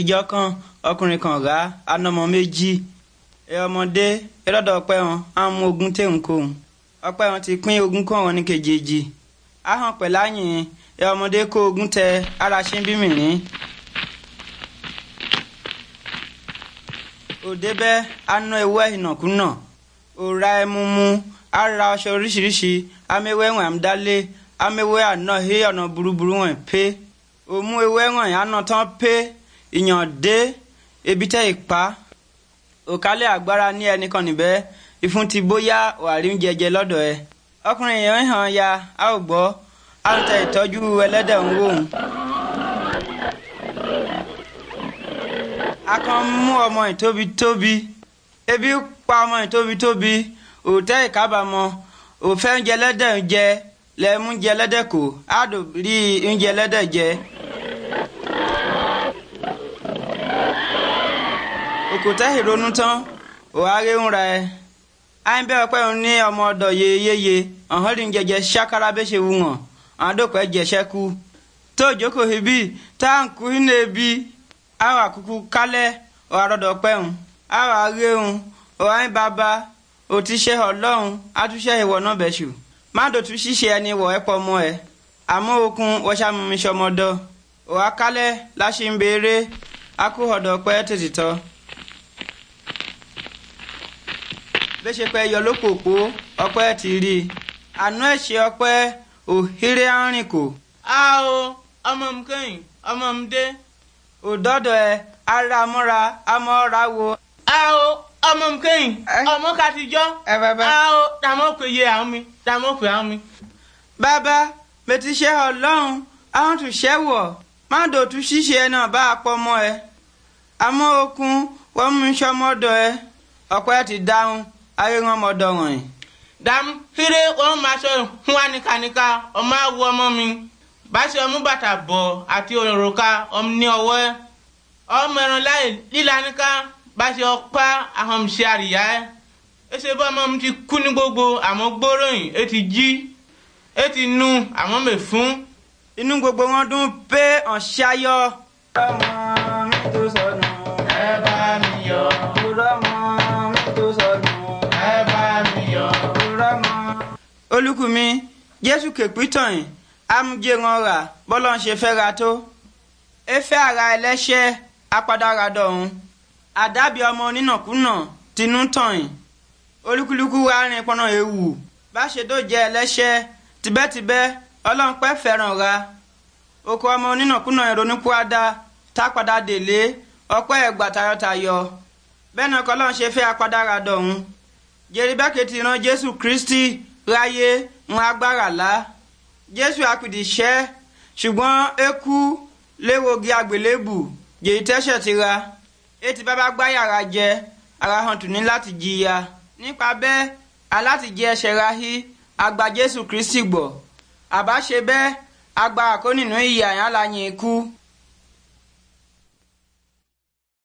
ìjọ kan ọkùnrin kan rà á nọmọ méjì ẹ ọmọdé ẹ lọ́dọ̀ ọpẹ́ wọn á mú ogún téhùn kóhùn ọpẹ́ wọn ti pín ogún kọ́ wọn ní kejìjì á hàn pẹ̀lú àyìn ẹ ọmọdé kó ogún tẹ ara ṣe ń bí mìíní. òde bẹ́ẹ̀ á ná ewu ẹ̀hìnàkúnà òòrà ẹmu á ra ọṣẹ oríṣiríṣi améwé ẹ̀wọ̀n àmúdálé améwé àná hé ọ̀nà burúburú wọn pé òmú ewé ẹ̀wọ̀n àná tán pé ìyàn dé ebi tẹ́ ìpa òkálẹ̀ agbára ní ẹnìkan níbẹ̀ ìfun ti bóyá wàrí ń jẹjẹ lọ́dọ̀ ẹ. ọkùnrin yẹn ń hàn ya a ò gbọ́ a ń tẹ ìtọ́jú ẹlẹ́dẹ̀ ń wò ń. a kàn ń mú ọmọ ìtóbi-tóbi ebi pa ọmọ ìtóbi-tóbi òtẹ́ ìkábàámọ̀ òfẹ́ ń jẹ ẹlẹ́dẹ̀ ń jẹ lẹ́mú ń jẹ ẹlẹ́dẹ̀ kò á dò rí ń jẹ ẹlẹ́dẹ̀ jẹ. àsìkò tẹ́hìn ronú tán òháré ń ra ẹ àìbẹ́ ọpẹ́ òun ní ọmọ ọ̀dọ̀ yeyeye ọ̀hún rí jẹjẹ ṣákárá bẹ́ẹ̀ ṣe wù wọ́n àádọ́pẹ́ jẹṣẹ́ kú tó jókòó ibi tá à ń kú nínú ebi àwọn àkùkù kálẹ̀ ọ̀hárọ̀dọ̀ ọpẹ́ òun àwọn àárẹ̀ òun ọ̀hán bàbá òtíṣẹ́ ọlọ́run àtúnṣe ìwọ náà bẹ̀ṣù má dòtú ṣíṣe ẹni wọ̀ ẹ́ pọ̀ mọ́ ẹ àmọ́ okun wọ́ṣàmùmíṣọmọdọ̀ ọ̀hán kálẹ̀ láṣìǹbẹ̀rẹ̀ akóhọ̀dọ̀ pẹ́ tètè tọ́. bó ṣe pẹ́ yọ lókòkó ọpẹ́ ti rí i àánú ẹ̀ ṣe ọpẹ́ òhèrè arìn kò. a o ọmọ mi kẹ́yìn ọmọ mi dé. òdọ́dọ̀ ẹ ara mọ́ra amọ́ ra wo. a o ọmọ mi kẹ́yìn ọmọ ká ti jọ́. ẹ bàbá a o tàmọ́ pé yé àwọn mi tàmọ́ pé àwọn mi. bàbá mo ti ṣe ọlọ́run àwọn tún ṣẹ́ wọ̀ má dòtú ṣíṣe ẹ náà bá a pọ̀ mọ́ ẹ àmọ́ okun wọ́n mú sọmọ́dọ̀ ẹ ọ̀pẹ́ ti dáhùn aye ŋɔ mɔ dɔ ŋɔe. dam hire o ma ṣe huwa nikanika o ma wu ọmọ mi bá ṣe ọmú bàtà bọ̀ àti òrùka ọmọ ní ọwọ́ ọmọ ẹran láì lílaníká bá ṣe ọpá ahọ́n ṣe àríyá ẹ ẹṣẹ bá ọmọ mi ti kú ní gbogbo àmọ́ gbóròyìn ẹ ti jí ẹ ti nu àmọ́ mè fún. inú gbogbo wọn dún pé ọ̀ṣayọ. ọmọ mi tó sọnù. olùkùnmi jésù kèpítàn amújẹranra bọ́lá ń ṣe fẹ́ra tó efe ara ẹlẹ́ṣẹ̀ apádáradọ̀ ọ̀hún àdábì ọmọ onínàkúnà tinú tàn olúkúlùkù wa rìn pọnà ewu bá ṣe tó jẹ ẹlẹ́ṣẹ̀ tibẹ́tibẹ́ ọlọ́run pẹ́ fẹ́ràn ra oko ọmọ onínàkúnà ìrònúpúadà tápadà délé ọpẹ́ ẹ̀gbà tayọ̀tayọ̀ bẹ́ẹ̀ náà kọ́ lọ́n ṣe fẹ́ apádáradọ̀ ọ̀hún jeribẹ́kẹ̀ ti ran jésù kristi ráyé wọn agbára lá jésù apìdìṣẹ́ ṣùgbọ́n eku léwogi àgbélébù jèyí tẹ́ṣẹ̀ ti ra ètí bàbá gbá yàrá jẹ ara hàn tún ní láti jìyà nípa bẹ́ẹ̀ alátìjẹ ẹ̀ṣẹ̀ rahí àgbà jésù kristi gbọ́ àbá ṣe bẹ́ẹ̀ agbára kó nínú ìyà yẹn aláyìn ikú.